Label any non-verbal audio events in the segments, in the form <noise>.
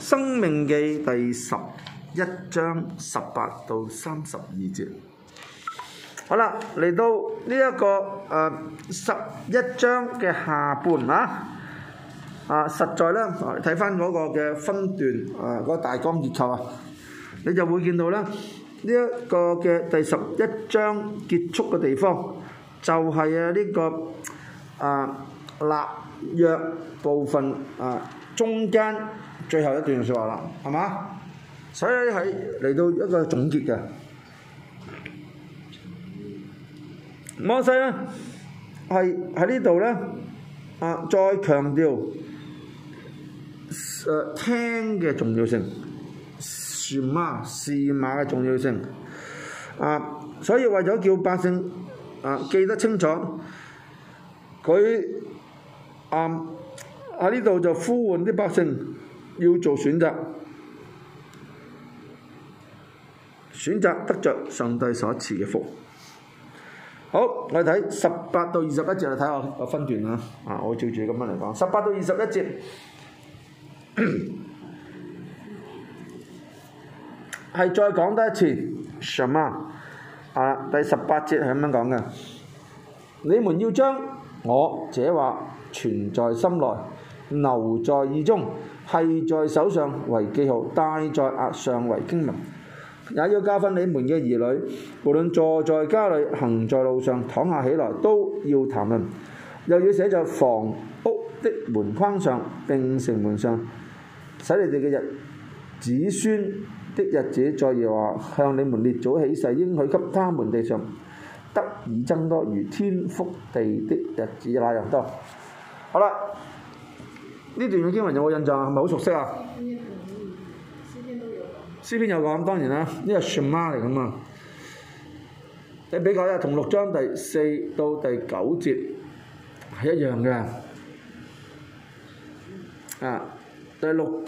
《申命記》第十一章十八到三十二節，好啦，嚟到呢一個誒十一章嘅下半啊，啊實在咧，睇翻嗰個嘅分段啊，嗰個大綱結構啊，你就會見到咧，呢一個嘅第十一章結束嘅地方，就係啊呢個啊立約部分啊中間。最後一段説話啦，係嘛？所以喺嚟到一個總結嘅，摩西咧係喺呢度咧啊，再強調誒、啊、聽嘅重要性，船馬視馬嘅重要性啊，所以為咗叫百姓啊記得清楚，佢啊喺呢度就呼喚啲百姓。要做選擇，選擇得着上帝所賜嘅福。好，我哋睇十八到二十一節，嚟睇下個分段啦。啊，我照住咁樣嚟講，十八到二十一節係再講多一次什麼啊！啊，第十八節係咁樣講嘅，你們要將我這話存在心內，留在耳中。繫在手上為記號，戴在額上為經文，也要教訓你們嘅兒女，無論坐在家裏、行在路上、躺下起來，都要談論。又要寫在房屋的門框上、並城門上，使你哋嘅日子孫的日子，的日子在耶和華向你們列祖起誓應許給他們的地上得以增多，如天覆地的日子那樣多。好啦。呢段經文有冇印象，係咪好熟悉啊？詩篇有講，詩篇有講，嗯、當然啦，呢個係順媽嚟咁啊？你比較一下，同六章第四到第九節係一樣嘅。啊，第六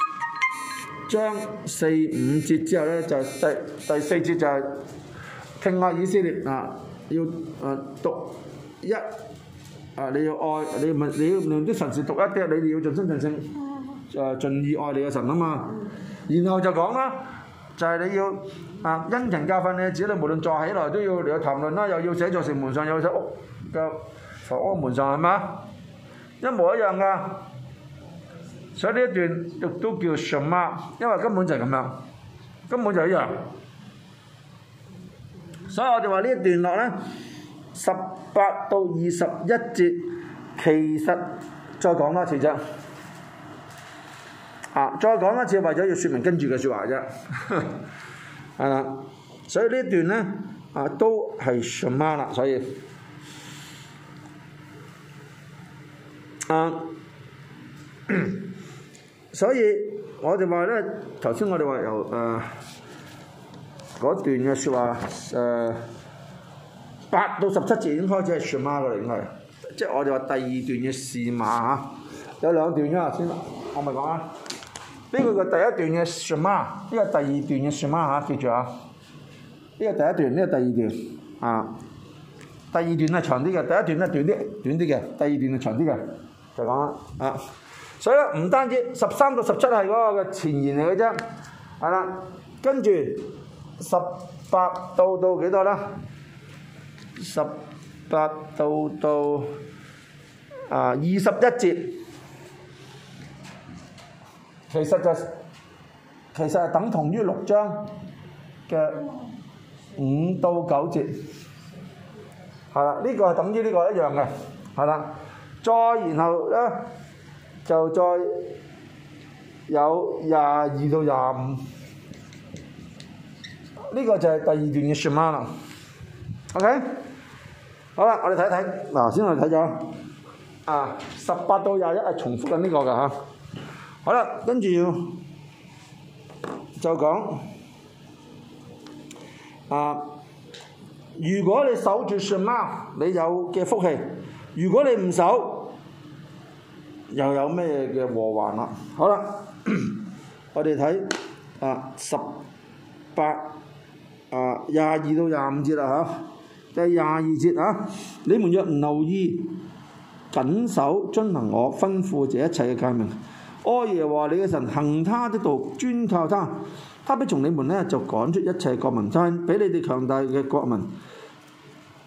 章四五節之後呢，就是、第第四節就係、是、聽下以色列啊，要啊讀一。啊！你要，你要盡盡、啊、愛你唔你要令啲神事獨一啲，你哋要盡心盡性，誒盡意愛你嘅神啊嘛！然後就講啦，就係、是、你要啊殷勤教訓你，只要你無論坐起來都要嚟去談論啦，又要寫在城門上又寫屋嘅房屋門上係嘛？一模一樣噶，所以呢一段亦都叫 Shema，因為根本就係咁樣，根本就一樣。所以我哋話呢一段落咧十。八到二十一節，其實再講多次啫，啊，再講多次，為咗要説明跟住嘅説話啫，係啦，所以段呢段咧啊都係上孖啦，所以啊， <coughs> 所以我哋、呃、話咧，頭先我哋話由誒嗰段嘅説話誒。八到十七節已經開始係串馬嘅嚟，應該，即係我哋話第二段嘅試馬嚇，有兩段嘅先，我咪講啦。呢、這個嘅第一段嘅串馬，呢個第二段嘅串馬嚇，記住啊。呢、這個第一段，呢、這個第二段，啊，第二段係長啲嘅，第一段咧短啲，短啲嘅，第二段係長啲嘅，就講啦，啊。所以咧唔單止十三到十七係嗰個嘅前言嚟嘅啫，係啦。跟住十八到到幾多啦？十八到到啊二十一節，其實就其實係等同於六章嘅五到九節，係啦，呢、這個係等於呢個一樣嘅，係啦，再然後咧就再有廿二到廿五，呢個就係第二段嘅說話啦。OK。好啦，我哋睇一睇，嗱先我哋睇咗啊，十八到廿一係重複緊呢個噶嚇。好、啊、啦，跟住要就講啊，如果你守住神貓，你有嘅福氣；如果你唔守，又有咩嘅禍患啦？好啦， <coughs> 我哋睇啊十八啊廿二到廿五節啦嚇。啊第二十二節啊，你們若唔留意，謹守遵行我吩咐這一切嘅誡命，愛耶和華你嘅神，行他的道，專靠他，他必從你哋呢就趕出一切國民，就係，俾你哋強大嘅國民。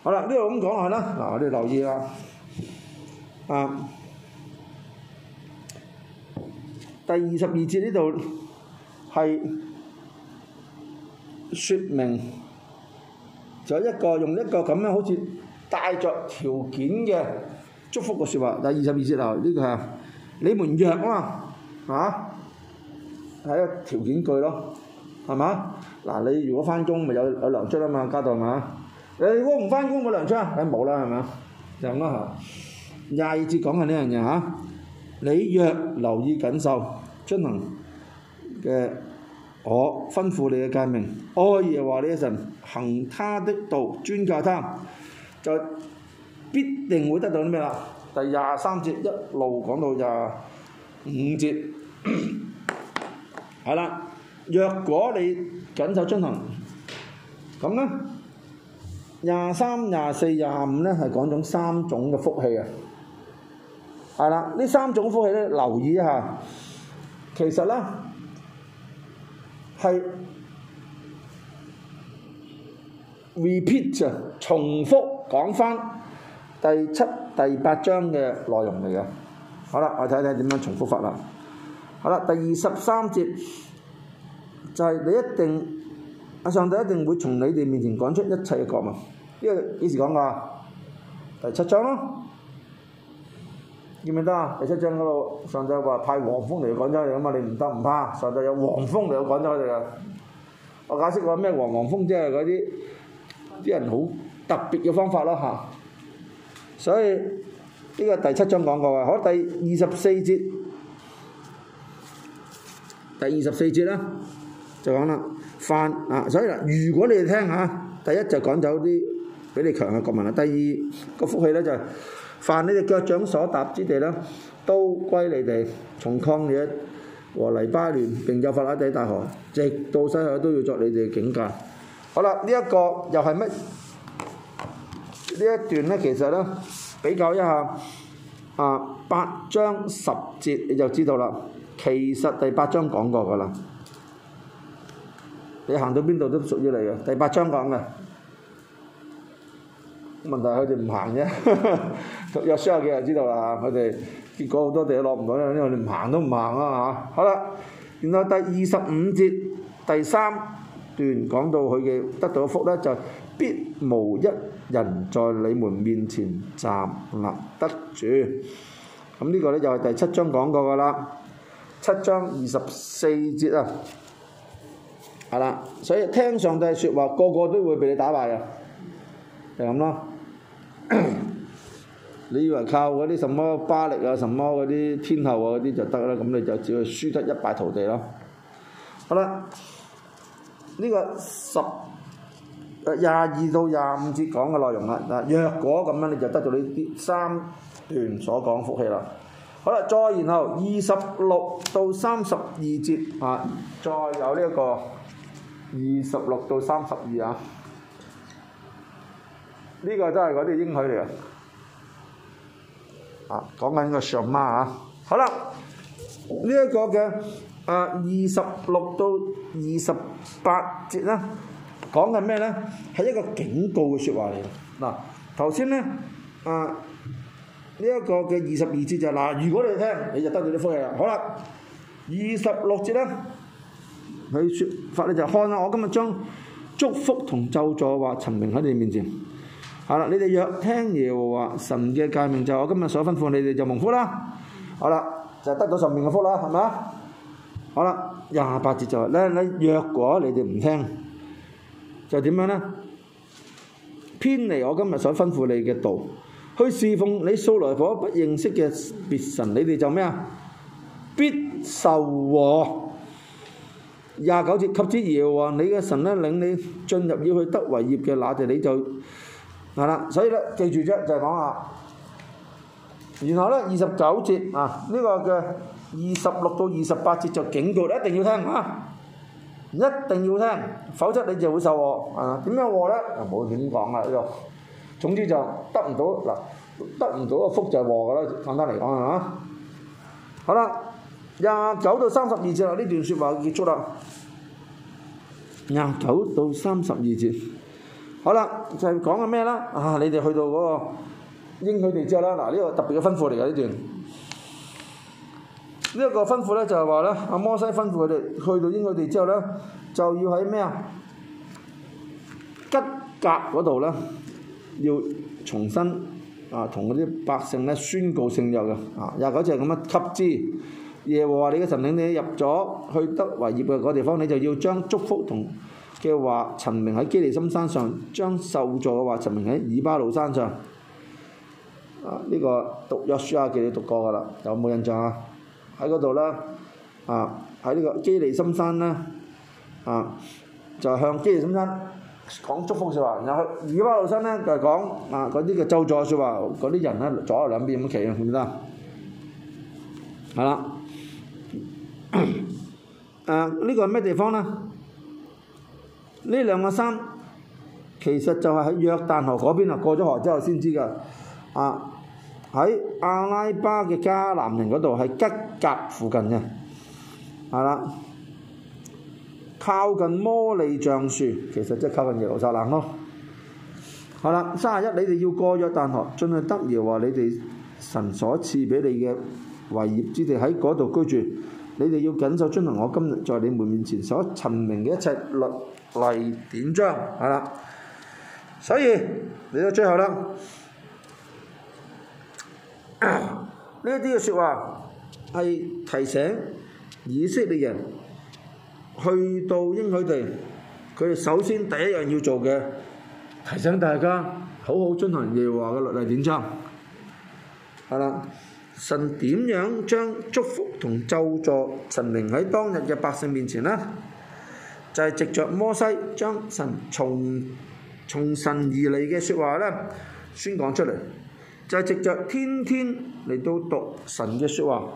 好啦，呢度咁講下啦，嗱，我哋留意啦，啊，第二十二節呢度係說明就一個用一個咁樣好似帶着條件嘅祝福嘅説話，第二十二節頭呢、呢個係你們若啊嘛嚇，係一個條件句咯，係嘛？嗱，你如果翻工咪有有糧出啊嘛，家道嘛，你如果唔翻工個糧出，唉冇啦係嘛？咁咯嚇，廿二節講係呢樣嘢嚇，你若留意謹守，遵行嘅。我吩咐你嘅誡命，愛耶和華你嘅神行他的道，專靠他，就必定會得到啲咩啦？第廿三節一路講到廿五節，係啦。 <coughs> 若果你謹守遵行，咁咧廿三、廿四、廿五咧係講咗三種嘅福氣嘅、啊，係啦。呢三種福氣咧，留意一下，其實咧。係 repeat 啊，re at, 重複講返第七、第八章嘅內容嚟嘅。好啦，我睇睇點樣重複法啦。好啦，第二十三節就係、是、你一定，阿上帝一定會從你哋面前講出一切嘅國民。因為幾時講過啊？第七章咯。要唔得啊！第七章嗰度，上集話派黃蜂嚟趕走佢哋嘛，你唔得唔怕，上集有黃蜂嚟趕走佢哋啦。我解釋話咩黃黃蜂即係嗰啲啲人好特別嘅方法咯嚇。所以呢個第七章講過啊，好，第二十四節，第二十四節咧就講啦，犯啊，所以啦，啊，如果你哋聽嚇，第一就趕走啲比你強嘅國民啊，第二個福氣咧就。凡你哋腳掌所踏之地咧，都歸你哋。從曠野和黎巴嫩，並有法拉底大河，直到西海，都要作你哋嘅境界。好啦，呢一個又係乜？呢一段咧，其實咧比較一下，啊八章十節你就知道啦。其實第八章講過噶啦，你行到邊度都屬於你嘅。第八章講嘅問題係佢哋唔行啫。有需眼嘅就知道啦，佢哋結果好多地都落唔到，因為你唔行都唔行啊嚇！好啦，然後第二十五節第三段講到佢嘅得到嘅福咧，就係、必無一人在你們面前站立得住。咁呢個咧就係第七章講過噶啦，七章二十四節啊，係啦。所以聽上帝説話，個個都會畀你打敗啊。就咁咯。 <coughs> 你以為靠嗰啲什麼巴力啊、什麼啲天后啊嗰啲就得啦？咁你就只會輸得一敗塗地咯。好啦，呢、這個十廿二、呃、到廿五節講嘅內容啦。嗱，若果咁樣你就得到呢啲三段所講福氣啦。好啦，再然後二十六到三十二節啊，再有呢、這、一個二十六到三十二啊，呢、這個真係嗰啲應許嚟嘅。啊，講緊個上媽啊！好、這、啦、個，呃、呢一個嘅啊，二十六到二十八節咧，講緊咩咧？係一個警告嘅說話嚟㗎。嗱、啊，頭先咧啊，呢一、這個嘅二十二節就係、是、嗱、啊，如果你聽，你就得到啲福氣啦。好啦，二十六節咧，佢說法咧就看啊，我今日將祝福同咒詛話陳明喺你面前。係啦，你哋若聽耶和華神嘅誡命，就我今日所吩咐你哋就蒙福啦。好啦，就得到上面嘅福啦，係咪啊？好啦，廿八節就係咧咧，若果你哋唔聽，就點樣咧？偏離我今日所吩咐你嘅道，去侍奉你素來所不認識嘅別神，你哋就咩啊？必受禍。廿九節及至耶和華你嘅神咧，領你進入要去得為業嘅那地，你就。係啦，所以咧，記住啫，就係講下。然後咧，二十九節啊，呢個嘅二十六到二十八節就警告你，一定要聽啊，一定要聽，否則你就會受禍啊。點樣禍咧？冇點講啦，呢個。總之就得唔到嗱，得唔到個福就係禍啦。簡單嚟講啊，好啦，廿九到三十二節啦，呢段説話結束啦。廿九到三十二節。好啦，就係講緊咩啦？啊，你哋去到嗰個應許地之後啦，嗱、啊、呢、這個特別嘅吩咐嚟嘅呢段。呢、這、一個吩咐咧就係話咧，阿、啊、摩西吩咐佢哋去到應許地之後咧，就要喺咩啊吉格嗰度咧，要重新啊同嗰啲百姓咧宣告聖約嘅。啊，廿、啊、九節咁樣及至耶和華你嘅神領，你入咗去得為業嘅嗰地方，你就要將祝福同。嘅話，陳明喺基利心山上將咒詛嘅話，陳明喺以巴路山上啊，呢、這個讀,約書讀有書啊，記住讀過㗎啦，有冇印象啊？喺嗰度啦，啊喺呢個基利心山啦，啊就向基利心山講祝福嘅話，然後去以巴路山咧就係、是、講啊嗰啲嘅咒詛嘅説話，嗰啲人咧左右兩邊咁企，見唔見得？係、啊、啦，誒、這、呢個係咩地方咧？呢兩個山其實就係喺約旦河嗰邊啊，過咗河之後先知噶。啊，喺阿拉巴嘅迦南人嗰度，喺吉甲附近嘅，係、啊、啦。靠近摩利橡樹，其實即係靠近耶路撒冷咯。好、啊、啦，三十一，你哋要過約旦河，進去得耶和華你哋神所賜俾你嘅為業之地，喺嗰度居住。你哋要謹守遵行我今日在你們面前所陳明嘅一切律例典章，係啦。所以，嚟到最後啦，呢一啲嘅説話係提醒以色列人去到應許地，佢哋首先第一樣要做嘅，提醒大家好好遵行耶和華嘅律例典章，係啦。神點樣將祝福同咒詛神明喺當日嘅百姓面前呢？就係、是、藉着摩西將神從從神而嚟嘅説話咧宣講出嚟，就係、是、藉着天天嚟到讀神嘅説話，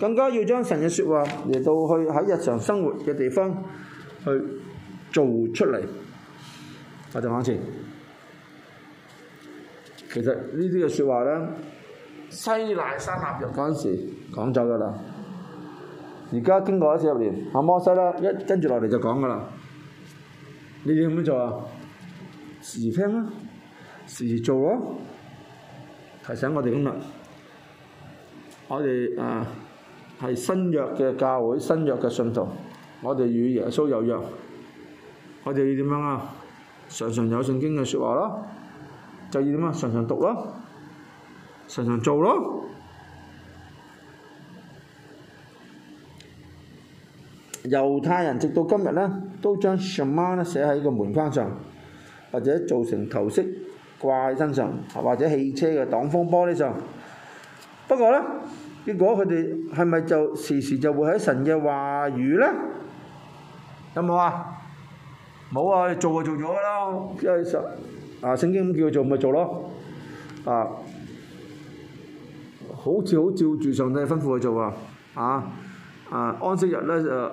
更加要將神嘅説話嚟到去喺日常生活嘅地方去做出嚟。我哋往前，其實呢啲嘅説話呢。西乃山立約嗰陣時講咗噶啦，而家經過咗四十年，阿、啊、摩西啦，一跟住落嚟就講噶啦。你哋點樣做啊？時聽啊，時做咯、啊。提醒我哋今日，我哋啊係新約嘅教會，新約嘅信徒，我哋與耶穌有約，我哋要點樣啊？常常有聖經嘅説話咯、啊，就要點啊？常常讀咯、啊。常常做咯，猶太人直到今日咧，都將 Shamans 寫喺個門框上，或者做成頭飾掛喺身上，或者汽車嘅擋風玻璃上。不過咧，結果佢哋係咪就時時就會喺神嘅話語咧？有冇啊？冇啊！做就做咗㗎啦，即係神啊聖經咁叫佢做咪做咯，啊！好似好照住上帝吩咐去做啊！啊，安息日咧就誒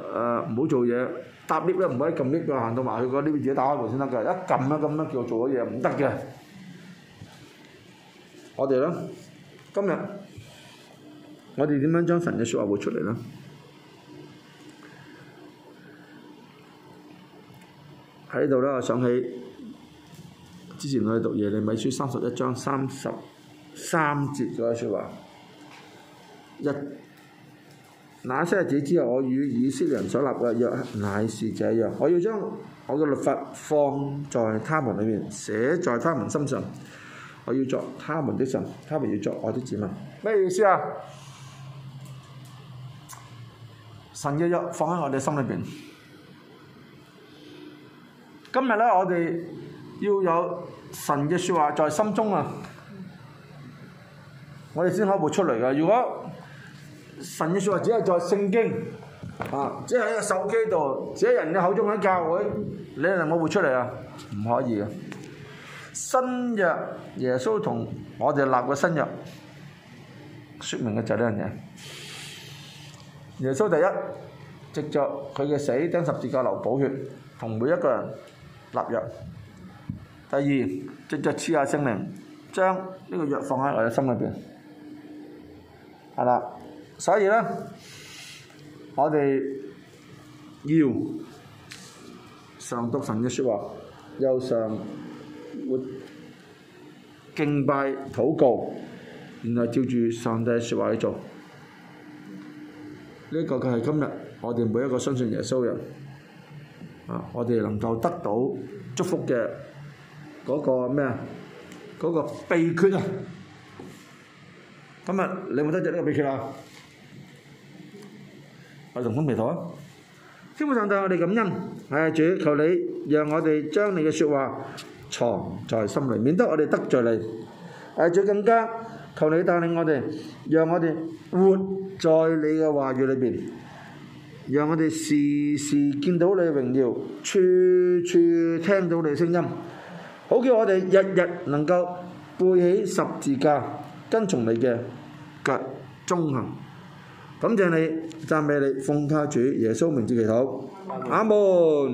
唔好做嘢，搭 lift 咧唔可以撳 lift 行到埋去嗰 lift 要打開門先得㗎，一撳一撳咧叫我做咗嘢唔得嘅。我哋咧，今日我哋點樣將神嘅説話活出嚟咧？喺度咧我想起之前我哋讀耶利米書三十一章三十三節嗰啲説話。那些日子之後，我與以色列人所立嘅約，乃是這樣。我要將我嘅律法放在他們裏面，寫在他們心上。我要作他們的神，他們要作我的子民。咩意思啊？神嘅約放喺我哋心裏邊。今日呢，我哋要有神嘅説話在心中啊！我哋先可活出嚟嘅。如果神嘅説話只係在聖經，啊！只係喺個手機度，只係人嘅口中喺教會，你係冇活出嚟啊！唔可以。新約耶穌同我哋立個新約，説明嘅就兩樣嘢。耶穌第一，藉着佢嘅死，釘十字架流寶血，同每一個人立約。第二，藉着賜下聖靈，將呢個約放喺我哋心裏邊，係啦。所以咧，我哋要常讀神嘅說話，又常會敬拜、禱告，然後照住上帝嘅說話去做。呢、這個就係今日我哋每一個相信耶穌嘅人啊，我哋能夠得到祝福嘅嗰個咩啊？嗰、那個秘訣啊！今日你有冇得着呢個秘訣啊？師，我同心祈禱。天父上帝，我哋感恩，哎，主，求你讓我哋將你嘅說話藏在心裏，免得我哋得罪你。哎主更加，求你帶領我哋，讓我哋活在你嘅話語裏邊，讓我哋時時見到你榮耀，處處聽到你聲音。好叫我哋日日能夠背起十字架，跟從你嘅腳蹤行。感謝你，讚美你，奉靠主耶穌名字祈禱，阿門。